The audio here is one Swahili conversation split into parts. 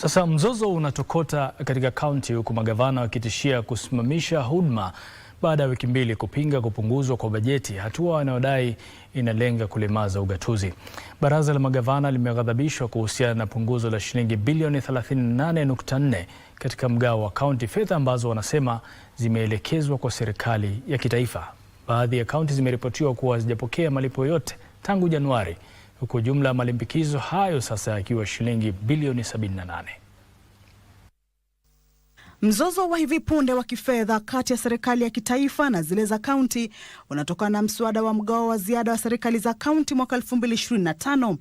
Sasa mzozo unatokota katika kaunti huku magavana wakitishia kusimamisha huduma baada ya wiki mbili kupinga kupunguzwa kwa bajeti, hatua wanayodai inalenga kulemaza ugatuzi. Baraza la magavana limeghadhabishwa kuhusiana na punguzo la shilingi bilioni 38.4 katika mgao wa kaunti, fedha ambazo wanasema zimeelekezwa kwa serikali ya kitaifa. Baadhi ya kaunti zimeripotiwa kuwa hazijapokea malipo yote tangu Januari huku jumla ya malimbikizo hayo sasa yakiwa shilingi bilioni 78. Mzozo wa hivi punde wa kifedha kati ya serikali ya kitaifa na zile za kaunti unatokana na mswada wa mgao wa ziada wa serikali za kaunti mwaka 2025,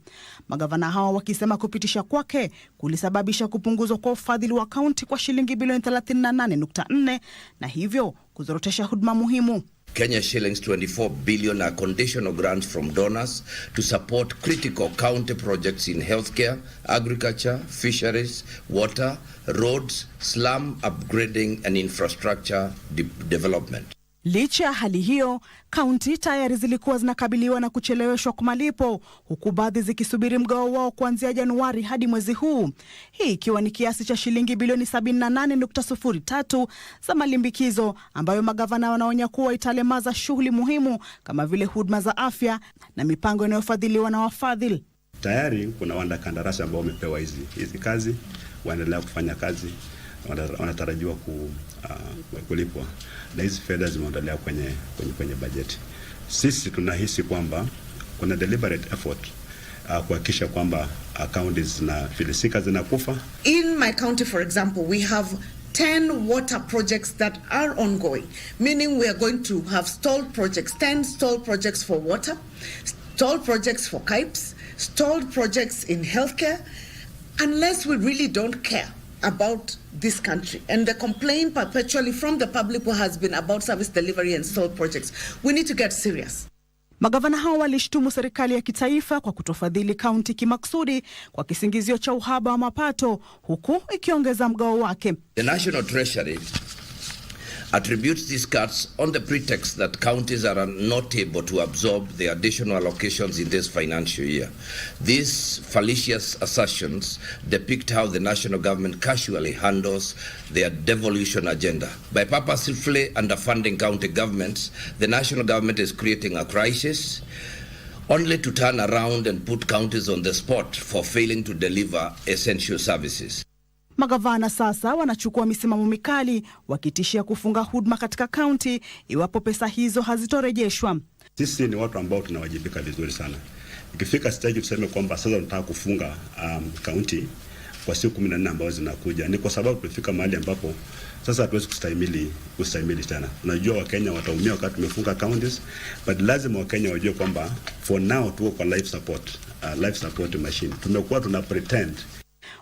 magavana hao wakisema kupitisha kwake kulisababisha kupunguzwa kwa ufadhili wa kaunti kwa shilingi bilioni 38.4 na hivyo kuzorotesha huduma muhimu. Kenya shillings 24 billion are conditional grants from donors to support critical county projects in healthcare, agriculture, fisheries, water, roads, slum upgrading and infrastructure de development. Licha ya hali hiyo, kaunti tayari zilikuwa zinakabiliwa na kucheleweshwa kwa malipo, huku baadhi zikisubiri mgao wao kuanzia Januari hadi mwezi huu, hii ikiwa ni kiasi cha shilingi bilioni 78.03 za malimbikizo ambayo magavana wanaonya kuwa italemaza shughuli muhimu kama vile huduma za afya na mipango inayofadhiliwa na wafadhili. Tayari kuna kandarasi ambao wamepewa hizi hizi kazi, waendelea kufanya kazi wanatarajiwa ku, uh, kulipwa na hizi fedha zimeondolewa kwenye, kwenye, kwenye bajeti. Sisi tunahisi kwamba kuna deliberate effort ah, kuhakikisha kwamba akaunti zinafilisika zinakufa. In my county for example we have 10 water projects that are ongoing meaning we are going to have stalled projects 10 stalled projects for water stalled projects for pipes stalled projects in healthcare unless we really don't care about this country and the complaint perpetually from the public who has been about service delivery and soil projects. We need to get serious. Magavana hao walishtumu serikali ya kitaifa kwa kutofadhili kaunti kimaksudi kwa kisingizio cha uhaba wa mapato huku ikiongeza mgao wake. The National Treasury attributes these cuts on the pretext that counties are not able to absorb the additional allocations in this financial year. These fallacious assertions depict how the national government casually handles their devolution agenda. By purposefully underfunding county governments, the national government is creating a crisis only to turn around and put counties on the spot for failing to deliver essential services. Magavana sasa wanachukua misimamo mikali, wakitishia kufunga huduma katika kaunti iwapo pesa hizo hazitorejeshwa. Sisi ni watu ambao tunawajibika vizuri sana. Ikifika stage tuseme kwamba sasa tunataka kufunga um, kaunti kwa siku kumi na nne ambazo zinakuja, ni kwa sababu tumefika mahali ambapo sasa hatuwezi kustahimili kustahimili tena. Unajua Wakenya wataumia wakati tumefunga counties, but lazima Wakenya wajue kwamba for now tuko kwa life support, uh, life support machine. Tumekuwa tuna pretend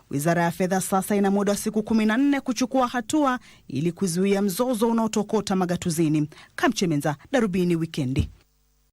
Wizara ya Fedha sasa ina muda wa siku kumi na nne kuchukua hatua ili kuzuia mzozo unaotokota magatuzini. Kamchemenza, Darubini Wikendi.